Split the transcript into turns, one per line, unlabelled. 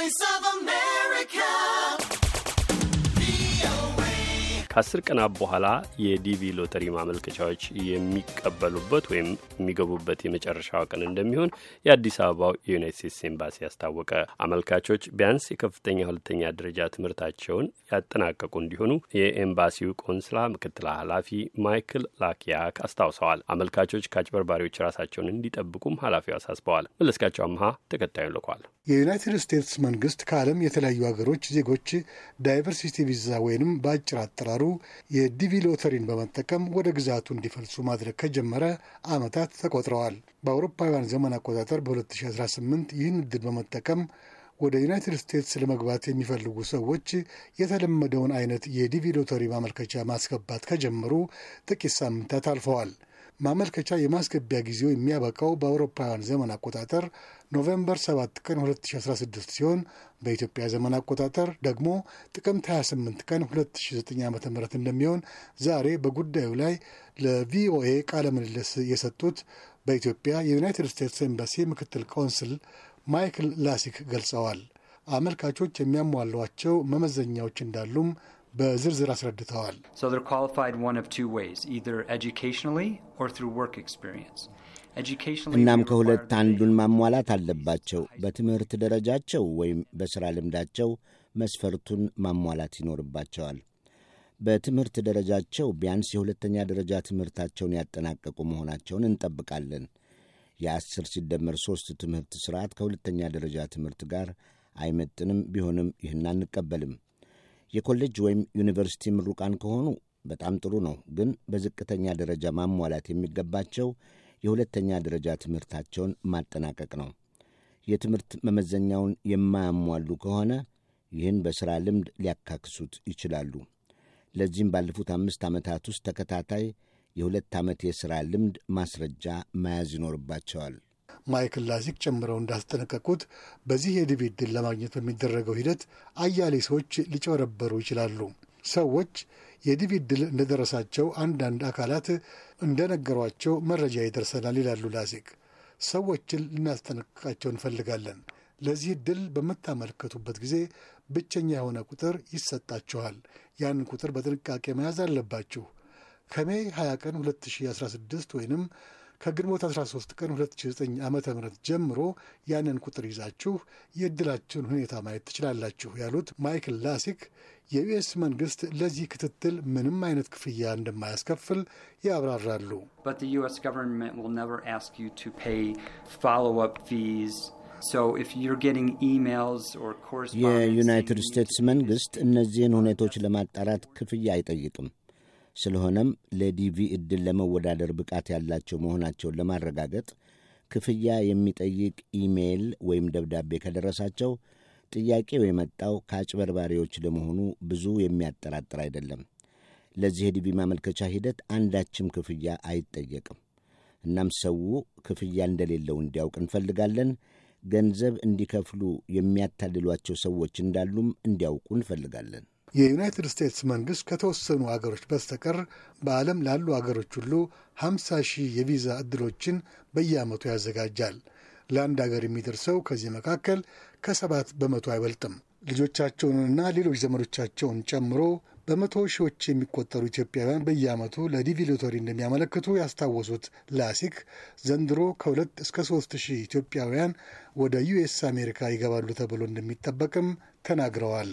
Voice of America.
ከአስር ቀናት በኋላ የዲቪ ሎተሪ ማመልከቻዎች የሚቀበሉበት ወይም የሚገቡበት የመጨረሻው ቀን እንደሚሆን የአዲስ አበባው የዩናይት ስቴትስ ኤምባሲ ያስታወቀ። አመልካቾች ቢያንስ የከፍተኛ ሁለተኛ ደረጃ ትምህርታቸውን ያጠናቀቁ እንዲሆኑ የኤምባሲው ቆንስላ ምክትል ኃላፊ ማይክል ላኪያክ አስታውሰዋል። አመልካቾች ከአጭበርባሪዎች ራሳቸውን እንዲጠብቁም ኃላፊው አሳስበዋል። መለስካቸው አምሃ ተከታዩን ልኳል።
የዩናይትድ ስቴትስ መንግስት ከዓለም የተለያዩ ሀገሮች ዜጎች ዳይቨርሲቲ ቪዛ ወይንም በአጭር አጠራሩ አመራሩ የዲቪ ሎተሪን በመጠቀም ወደ ግዛቱ እንዲፈልሱ ማድረግ ከጀመረ ዓመታት ተቆጥረዋል። በአውሮፓውያን ዘመን አቆጣጠር በ2018 ይህን እድል በመጠቀም ወደ ዩናይትድ ስቴትስ ለመግባት የሚፈልጉ ሰዎች የተለመደውን አይነት የዲቪ ሎተሪ ማመልከቻ ማስገባት ከጀመሩ ጥቂት ሳምንታት አልፈዋል። ማመልከቻ የማስገቢያ ጊዜው የሚያበቃው በአውሮፓውያን ዘመን አቆጣጠር ኖቬምበር 7 ቀን 2016 ሲሆን በኢትዮጵያ ዘመን አቆጣጠር ደግሞ ጥቅምት 28 ቀን 2009 ዓ ም እንደሚሆን ዛሬ በጉዳዩ ላይ ለቪኦኤ ቃለ ምልልስ የሰጡት በኢትዮጵያ የዩናይትድ ስቴትስ ኤምባሲ ምክትል ቆንስል ማይክል ላሲክ ገልጸዋል። አመልካቾች የሚያሟሏቸው መመዘኛዎች እንዳሉም በዝርዝር አስረድተዋል።
እናም
ከሁለት አንዱን ማሟላት አለባቸው። በትምህርት ደረጃቸው ወይም በሥራ ልምዳቸው መስፈርቱን ማሟላት ይኖርባቸዋል። በትምህርት ደረጃቸው ቢያንስ የሁለተኛ ደረጃ ትምህርታቸውን ያጠናቀቁ መሆናቸውን እንጠብቃለን። የአስር ሲደመር ሦስት ትምህርት ሥርዓት ከሁለተኛ ደረጃ ትምህርት ጋር አይመጥንም። ቢሆንም ይህን አንቀበልም። የኮሌጅ ወይም ዩኒቨርሲቲ ምሩቃን ከሆኑ በጣም ጥሩ ነው። ግን በዝቅተኛ ደረጃ ማሟላት የሚገባቸው የሁለተኛ ደረጃ ትምህርታቸውን ማጠናቀቅ ነው። የትምህርት መመዘኛውን የማያሟሉ ከሆነ ይህን በሥራ ልምድ ሊያካክሱት ይችላሉ። ለዚህም ባለፉት አምስት ዓመታት ውስጥ ተከታታይ የሁለት ዓመት የሥራ ልምድ ማስረጃ መያዝ ይኖርባቸዋል። ማይክል ላዚክ ጨምረው እንዳስጠነቀቁት በዚህ የዲቪድ
ድል ለማግኘት በሚደረገው ሂደት አያሌ ሰዎች ሊጨበረበሩ ይችላሉ። ሰዎች የዲቪድ ድል እንደደረሳቸው አንዳንድ አካላት እንደነገሯቸው መረጃ ይደርሰናል ይላሉ ላዚክ። ሰዎችን ልናስጠነቅቃቸው እንፈልጋለን። ለዚህ ድል በምታመለከቱበት ጊዜ ብቸኛ የሆነ ቁጥር ይሰጣችኋል። ያንን ቁጥር በጥንቃቄ መያዝ አለባችሁ። ከሜይ 20 ቀን 2016 ወይንም ከግንቦት 13 ቀን 2009 ዓ ም ጀምሮ ያንን ቁጥር ይዛችሁ የእድላችሁን ሁኔታ ማየት ትችላላችሁ ያሉት ማይክል ላሲክ የዩኤስ መንግስት ለዚህ ክትትል ምንም አይነት ክፍያ እንደማያስከፍል ያብራራሉ።
የዩናይትድ ስቴትስ መንግስት እነዚህን ሁኔቶች ለማጣራት ክፍያ አይጠይቅም። ስለሆነም ለዲቪ ዕድል ለመወዳደር ብቃት ያላቸው መሆናቸውን ለማረጋገጥ ክፍያ የሚጠይቅ ኢሜይል ወይም ደብዳቤ ከደረሳቸው ጥያቄው የመጣው ከአጭበርባሪዎች ለመሆኑ ብዙ የሚያጠራጥር አይደለም። ለዚህ የዲቪ ማመልከቻ ሂደት አንዳችም ክፍያ አይጠየቅም። እናም ሰው ክፍያ እንደሌለው እንዲያውቅ እንፈልጋለን። ገንዘብ እንዲከፍሉ የሚያታልሏቸው ሰዎች እንዳሉም እንዲያውቁ እንፈልጋለን።
የዩናይትድ ስቴትስ መንግሥት ከተወሰኑ አገሮች በስተቀር በዓለም ላሉ አገሮች ሁሉ 50 ሺህ የቪዛ ዕድሎችን በየዓመቱ ያዘጋጃል። ለአንድ አገር የሚደርሰው ከዚህ መካከል ከሰባት በመቶ አይበልጥም። ልጆቻቸውንና ሌሎች ዘመዶቻቸውን ጨምሮ በመቶ ሺዎች የሚቆጠሩ ኢትዮጵያውያን በየዓመቱ ለዲቪ ሎተሪ እንደሚያመለክቱ ያስታወሱት ላሲክ ዘንድሮ ከሁለት እስከ ሶስት ሺህ ኢትዮጵያውያን ወደ ዩኤስ አሜሪካ ይገባሉ ተብሎ እንደሚጠበቅም ተናግረዋል።